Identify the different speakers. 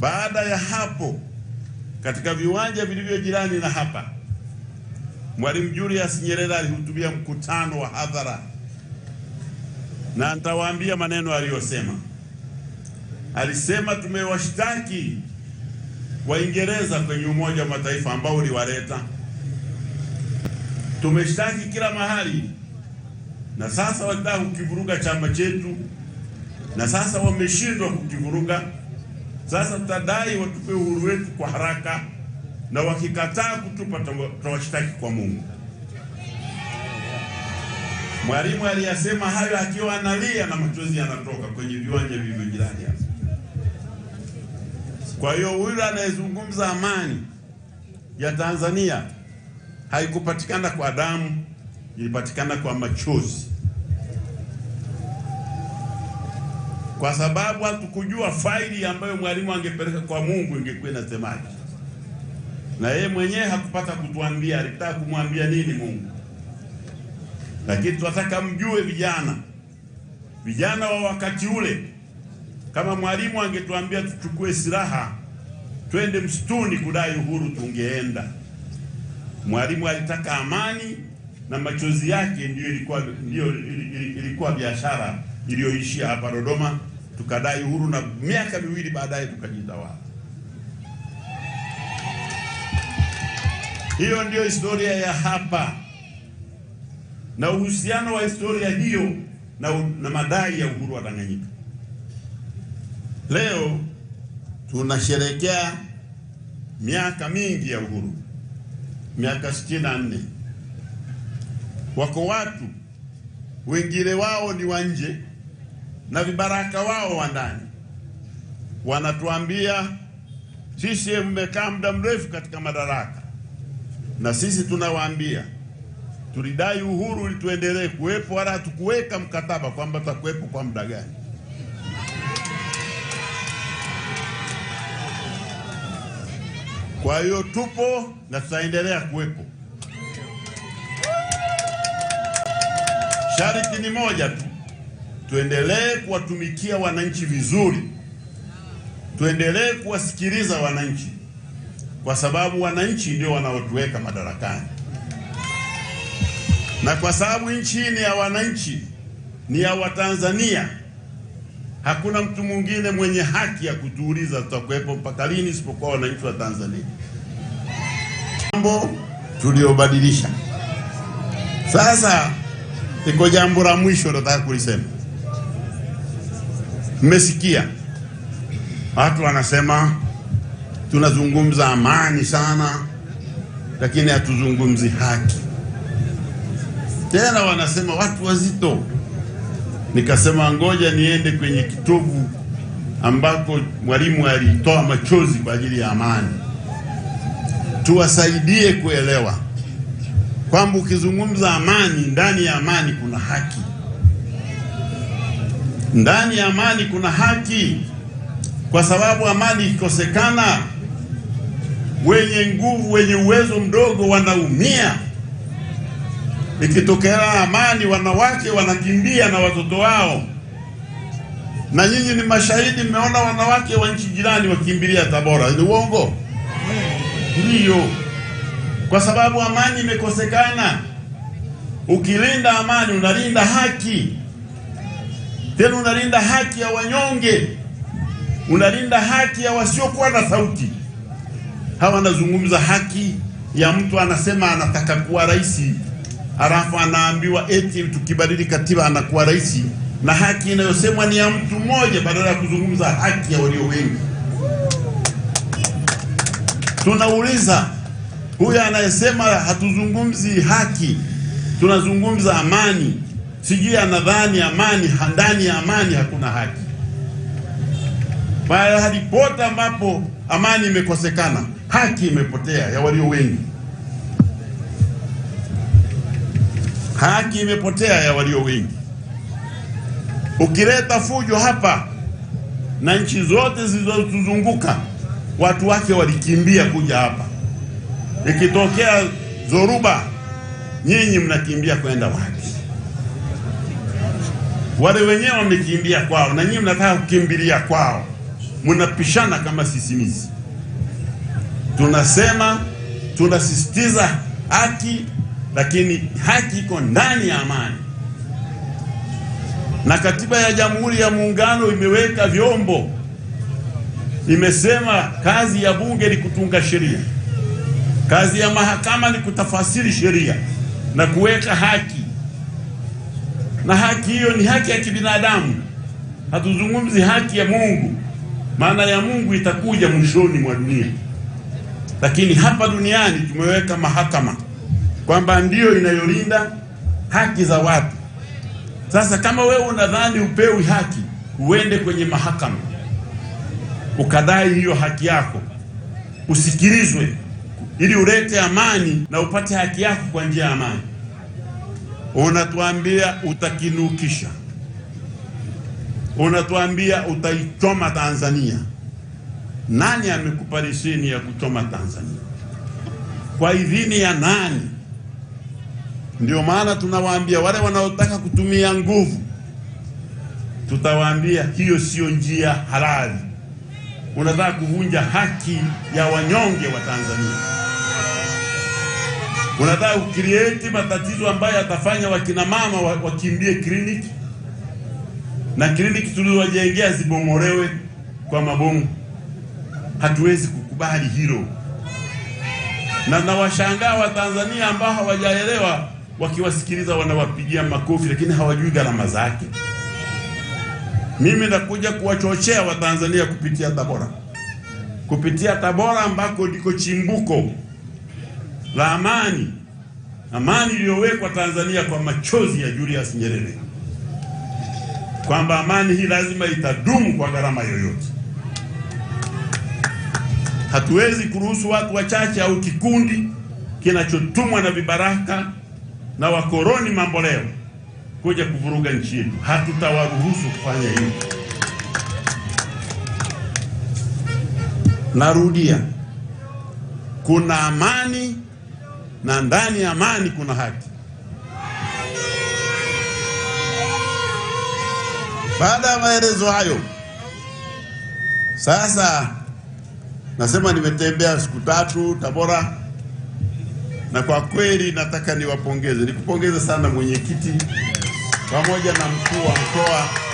Speaker 1: Baada ya hapo, katika viwanja vilivyo jirani na hapa, Mwalimu Julius Nyerere alihutubia mkutano wa hadhara, na nitawaambia maneno aliyosema. Alisema, tumewashtaki Waingereza kwenye Umoja wa Mataifa ambao uliwaleta, tumeshtaki kila mahali, na sasa wanataka kukivuruga chama chetu, na sasa wameshindwa kukivuruga sasa tutadai watupe uhuru wetu kwa haraka, na wakikataa kutupa tutawashtaki kwa Mungu. Mwalimu aliyasema hayo akiwa analia na machozi yanatoka kwenye viwanja vilivyo jirani hapa. Kwa hiyo huyu anayezungumza amani ya Tanzania haikupatikana kwa damu, ilipatikana kwa machozi. kwa sababu hatukujua faili ambayo mwalimu angepeleka kwa Mungu ingekuwa inasemaje, na yeye mwenyewe hakupata kutuambia, alitaka kumwambia nini Mungu. Lakini tunataka mjue, vijana vijana wa wakati ule, kama mwalimu angetuambia tuchukue silaha twende msituni kudai uhuru, tungeenda. Mwalimu alitaka amani, na machozi yake ndio ilikuwa, ndio ilikuwa biashara iliyoishia hapa Dodoma, tukadai uhuru na miaka miwili baadaye tukajitawala. Hiyo ndiyo historia ya hapa na uhusiano wa historia hiyo na, na madai ya uhuru wa Tanganyika. Leo tunasherekea miaka mingi ya uhuru, miaka 64. Wako watu wengine wao ni wa nje na vibaraka wao wa ndani wanatuambia sisi, mmekaa muda mrefu katika madaraka, na sisi tunawaambia tulidai uhuru ili tuendelee kuwepo, wala hatukuweka mkataba kwamba tutakuwepo kwa muda gani. Kwa hiyo tupo na tutaendelea kuwepo. Sharti ni moja tu tuendelee kuwatumikia wananchi vizuri, tuendelee kuwasikiliza wananchi, kwa sababu wananchi ndio wanaotuweka madarakani, na kwa sababu nchi ni ya wananchi, ni ya Watanzania. Hakuna mtu mwingine mwenye haki ya kutuuliza tutakuwepo mpaka lini isipokuwa wananchi wa Tanzania. Mambo tuliobadilisha sasa, iko jambo la mwisho nataka kulisema. Mmesikia watu wanasema tunazungumza amani sana, lakini hatuzungumzi haki. Tena wanasema watu wazito. Nikasema ngoja niende kwenye kitovu ambako Mwalimu alitoa machozi kwa ajili ya amani, tuwasaidie kuelewa kwamba ukizungumza amani, ndani ya amani kuna haki. Ndani ya amani kuna haki, kwa sababu amani ikikosekana, wenye nguvu, wenye uwezo mdogo wanaumia. Ikitokea amani, wanawake wanakimbia na watoto wao, na nyinyi ni mashahidi, mmeona wanawake wa nchi jirani wakimbilia Tabora. Ni uongo? Ndiyo, kwa sababu amani imekosekana. Ukilinda amani, unalinda haki tena unalinda haki ya wanyonge, unalinda haki ya wasiokuwa na sauti. Hawa anazungumza haki ya mtu, anasema anataka kuwa rais, alafu anaambiwa eti tukibadili katiba anakuwa rais, na haki inayosemwa ni ya mtu mmoja, badala ya kuzungumza haki ya walio wengi. Tunauliza, huyu anayesema hatuzungumzi haki, tunazungumza amani sijui anadhani amani, ndani ya amani hakuna haki. Mahali pote ambapo amani imekosekana, haki imepotea ya walio wengi, haki imepotea ya walio wengi. Ukileta fujo hapa na nchi zote zilizotuzunguka watu wake walikimbia kuja hapa. Ikitokea zoruba, nyinyi mnakimbia kwenda wapi? wale wenyewe wamekimbia kwao na nyinyi mnataka kukimbilia kwao, mnapishana kama sisimizi. Tunasema tunasisitiza haki, lakini haki iko ndani ya amani, na katiba ya Jamhuri ya Muungano imeweka vyombo, imesema kazi ya bunge ni kutunga sheria, kazi ya mahakama ni kutafasiri sheria na kuweka haki na haki hiyo ni haki ya kibinadamu, hatuzungumzi haki ya Mungu, maana ya Mungu itakuja mwishoni mwa dunia. Lakini hapa duniani tumeweka mahakama kwamba ndiyo inayolinda haki za watu. Sasa kama wewe unadhani upewi haki, uende kwenye mahakama ukadai hiyo haki yako, usikilizwe ili ulete amani na upate haki yako kwa njia ya amani unatuambia utakinukisha, unatuambia utaichoma Tanzania. Nani amekupa leseni ya kuchoma Tanzania? Kwa idhini ya nani? Ndio maana tunawaambia wale wanaotaka kutumia nguvu, tutawaambia hiyo sio njia halali. Unataka kuvunja haki ya wanyonge wa Tanzania. Unataka kucreate matatizo ambayo yatafanya wakina mama wakimbie kliniki na kliniki tulizojengea zibomorewe kwa mabomu. Hatuwezi kukubali hilo, na nawashangaa Watanzania ambao hawajaelewa, wakiwasikiliza wanawapigia makofi, lakini hawajui gharama zake. Mimi nakuja kuwachochea Watanzania kupitia Tabora, kupitia Tabora ambako ndiko chimbuko la amani, amani iliyowekwa Tanzania kwa machozi ya Julius Nyerere, kwamba amani hii lazima itadumu kwa gharama yoyote. Hatuwezi kuruhusu watu wachache au kikundi kinachotumwa na vibaraka na wakoloni mamboleo kuja kuvuruga nchi yetu. Hatutawaruhusu kufanya hivyo. Narudia, kuna amani na ndani ya amani kuna haki. Baada ya maelezo hayo, sasa nasema nimetembea siku tatu Tabora, na kwa kweli nataka niwapongeze, nikupongeze sana mwenyekiti pamoja na mkuu wa mkoa